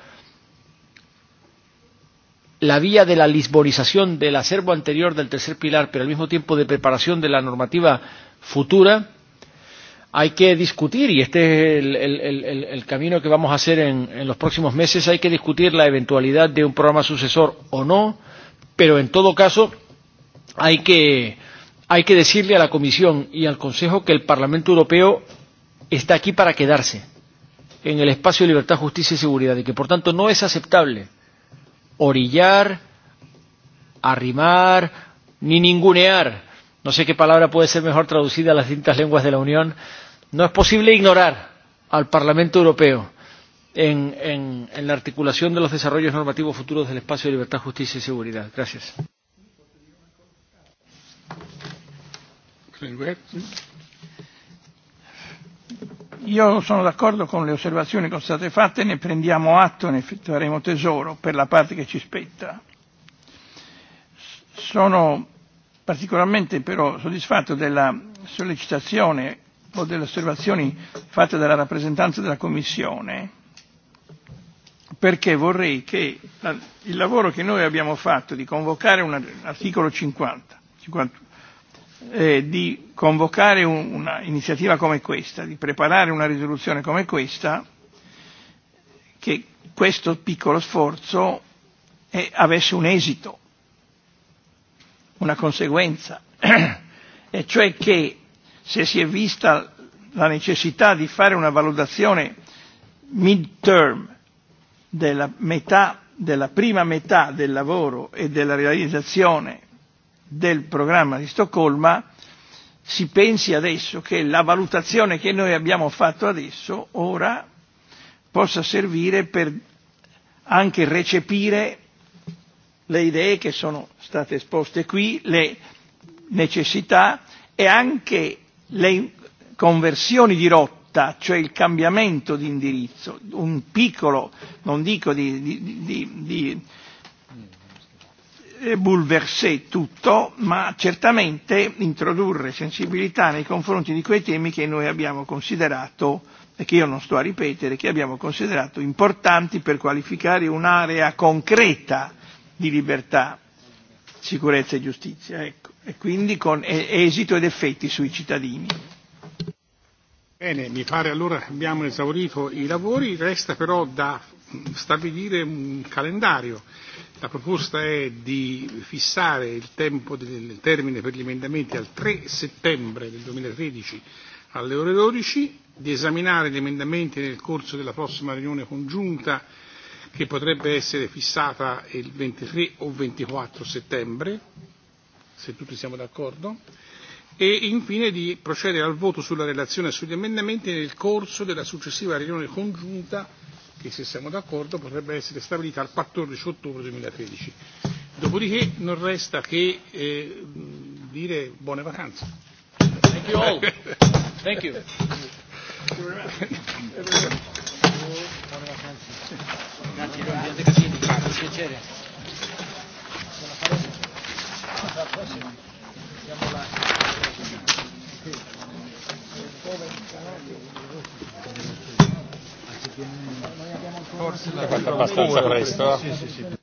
la vía de la lisbonización del acervo anterior del tercer pilar, pero al mismo tiempo de preparación de la normativa futura, hay que discutir, y este es el, el, el, el camino que vamos a hacer en, en los próximos meses, hay que discutir la eventualidad de un programa sucesor o no, pero en todo caso hay que, hay que decirle a la Comisión y al Consejo que el Parlamento Europeo está aquí para quedarse en el espacio de libertad, justicia y seguridad y que por tanto no es aceptable orillar, arrimar ni ningunear no sé qué palabra puede ser mejor traducida a las distintas lenguas de la Unión, no es posible ignorar al Parlamento Europeo en, en, en la articulación de los desarrollos normativos futuros del espacio de libertad, justicia y seguridad. Gracias. Io sono d'accordo con le osservazioni che sono state fatte, ne prendiamo atto e ne faremo tesoro per la parte che ci spetta. Sono particolarmente però soddisfatto della sollecitazione o delle osservazioni fatte dalla rappresentanza della Commissione perché vorrei che la, il lavoro che noi abbiamo fatto di convocare un articolo 50, 50 eh, di convocare un, un'iniziativa come questa, di preparare una risoluzione come questa, che questo piccolo sforzo eh, avesse un esito una conseguenza, e cioè che se si è vista la necessità di fare una valutazione mid-term della, metà, della prima metà del lavoro e della realizzazione del programma di Stoccolma, si pensi adesso che la valutazione che noi abbiamo fatto adesso, ora, possa servire per anche recepire le idee che sono state esposte qui, le necessità e anche le conversioni di rotta, cioè il cambiamento di indirizzo, un piccolo, non dico di, di, di, di eh, bouleversé tutto, ma certamente introdurre sensibilità nei confronti di quei temi che noi abbiamo considerato, e che io non sto a ripetere, che abbiamo considerato importanti per qualificare un'area concreta di libertà, sicurezza e giustizia, ecco, e quindi con e, esito ed effetti sui cittadini. Bene, mi pare allora abbiamo esaurito i lavori, resta però da stabilire un calendario. La proposta è di fissare il, tempo del, il termine per gli emendamenti al 3 settembre del 2013 alle ore 12, di esaminare gli emendamenti nel corso della prossima riunione congiunta che potrebbe essere fissata il 23 o 24 settembre, se tutti siamo d'accordo, e infine di procedere al voto sulla relazione e sugli emendamenti nel corso della successiva riunione congiunta che se siamo d'accordo potrebbe essere stabilita il 14 ottobre 2013. Dopodiché non resta che eh, dire buone vacanze. Thank you all. Thank you. Thank you very much. Grazie, grazie Casini, piacere. La prossima. Siamo là. Sì. Forse la abbastanza presto. Sì, sì, sì.